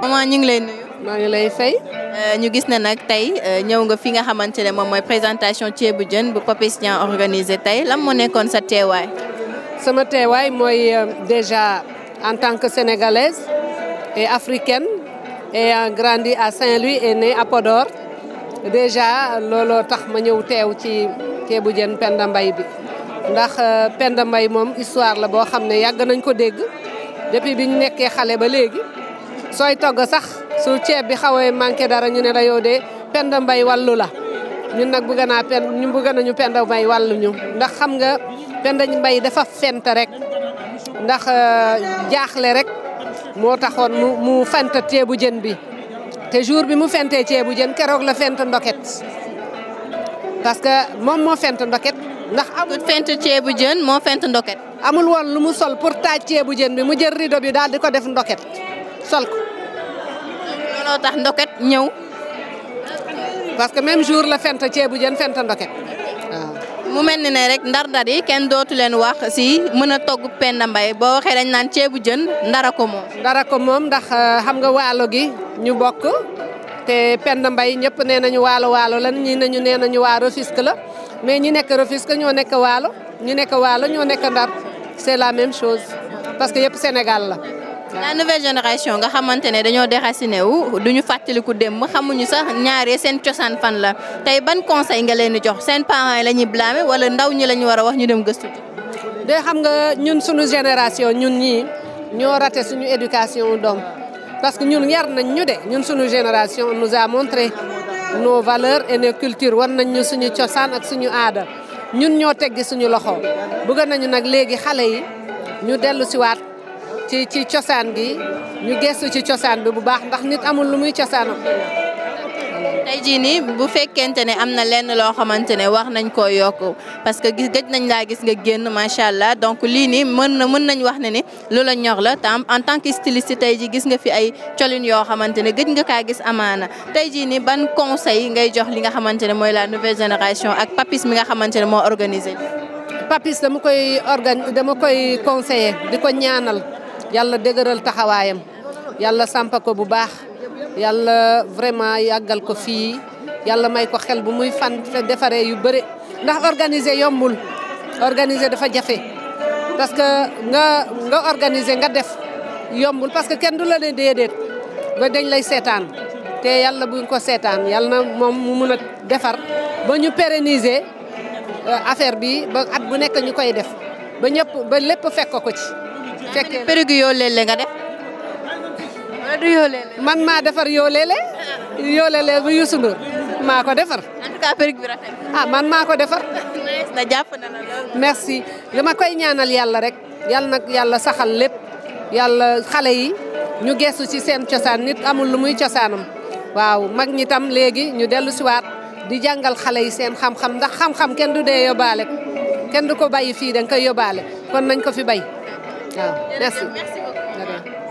maman ñu ngi lay nuyu. maa ngi lay fay. Euh, ñu gis ne nag tey euh, ñëw nga fi nga xamante ne moom mooy présentation ceebu jën bu Papis organisé tey lan moo nekkoon sa teewaay. sama teewaay mooy euh, déjà en tant que sénégalaise et africaine et grandi à Saint-Louis et née à Podor déjà looloo tax ma ñëw teew ci ceebu jën Penda Mbaye bi. ndax Penda Mbaye moom histoire la boo xam ne yàgg nañ ko dégg depuis bi nekkee xale ba léegi. sooy togg sax su ceeb bi xawee manqué dara ñu ne la yow de Penda mbay wàllu la ñun nag bëgg naa pen ñu bëgg nañu Penda Mbaye wàllu ñu ndax xam nga Penda mbay dafa fent rek ndax euh, jaaxle rek moo taxoon mu mu fent ceebu jën bi te jour bi mu fentee ceebu jën keroog la fent ndoket parce que moom moo fent ndoket ndax amul fent ceebu jën moo fent ndoket amul woon lu mu sol pour taaj ceebu jën bi mu jël rido bi daal di ko def ndoket sol ko. tax ndoket ñëw. parce que même jour la fent ceebu jën fent ndoket waaw. mu mel ni ne rek ndar ndar yi kenn dootu leen wax si mën a togg Penda Mbaye boo waxee dañ naan ceebu jën ndara ko moom. ko moom ndax euh, xam nga waalo gi ñu bokk te Penda mbay ñëpp nee nañu waalo waalo lan ñii ñu nee ñu waa Rufisque la mais ñi nekk Rufisque ñoo nekk waalo ñu nekk waalo ñoo nekk ndar c'est la même chose parce que yëpp Sénégal la. la nouvelle génération nga xamante ne dañoo déraciné wu duñu fàttaliku dem xamuñu sax ñaare seen cosaan fan la tey ban conseil nga leen di jox seen parents yi la ñuy blâmer wala ndaw ñi la ñu war a wax ñu dem gëstu ji. de xam nga ñun suñu génération ñun ñi ñoo rate suñu éducation doom parce que ñun yar nañ ñu de ñun suñu génération nous a montré nos valeur et nos cultures war nañ suñu cosaan ak suñu aada ñun ñoo teggi suñu loxo bëgg nañu nag léegi xale yi ñu dellu siwaat ci cosaan gi ñu gëstu ci cosaan bi bu baax ndax nit amul lu muy cosaanam. tey jii nii bu fekkente ne am na lenn loo xamante ne wax nañ koo yokk parce que gis gëj nañ laa gis nga génn macha allah donc lii nii mën na mën nañ wax ne ni lu la ñor la tam en tant que styliste tey ji gis nga fi ay colin yoo xamante ne gëj nga kaa gis amaana tey jii ni ban conseil ngay jox li nga xamante ne mooy la nouvelle génération ak papis mi nga xamante ne moo organisé. papis dama koy organ yàlla dëgëral taxawaayam yàlla sampa ko bu baax yàlla vraiment yàggal ko fii yàlla may ko xel bu muy fan te defaree yu bëri ndax organiser yombul organiser dafa jafe parce que nga nga nga def yombul parce que kenn du la ne déedéet ba dañ lay seetaan te yàlla buñ ko seetaan yàlla na moom mu mun a defar ba ñu pérenniser euh, affaire bi ba at bu nekk ñu koy def ba ñëpp ba lépp fekk ko ci fekkee périgu yoo leele nga def. wala man maa defar yoo leele. yoo leele maa ko defar. en tout ah man maa ko defar. na jàpp na la lool merci li koy ñaanal yàlla rek yàlla nag yàlla saxal lépp yàlla xale yi ñu gestu ci seen cosaan nit amul lu muy cosaanam waaw mag ñi léegi ñu dellu siwaat di jàngal xale yi seen xam-xam ndax xam-xam kenn du dee yóbbaale ko kenn du ko bàyyi fii danga koy yóbbaale kon nañ ko fi bay waaw merci merci beaucoup.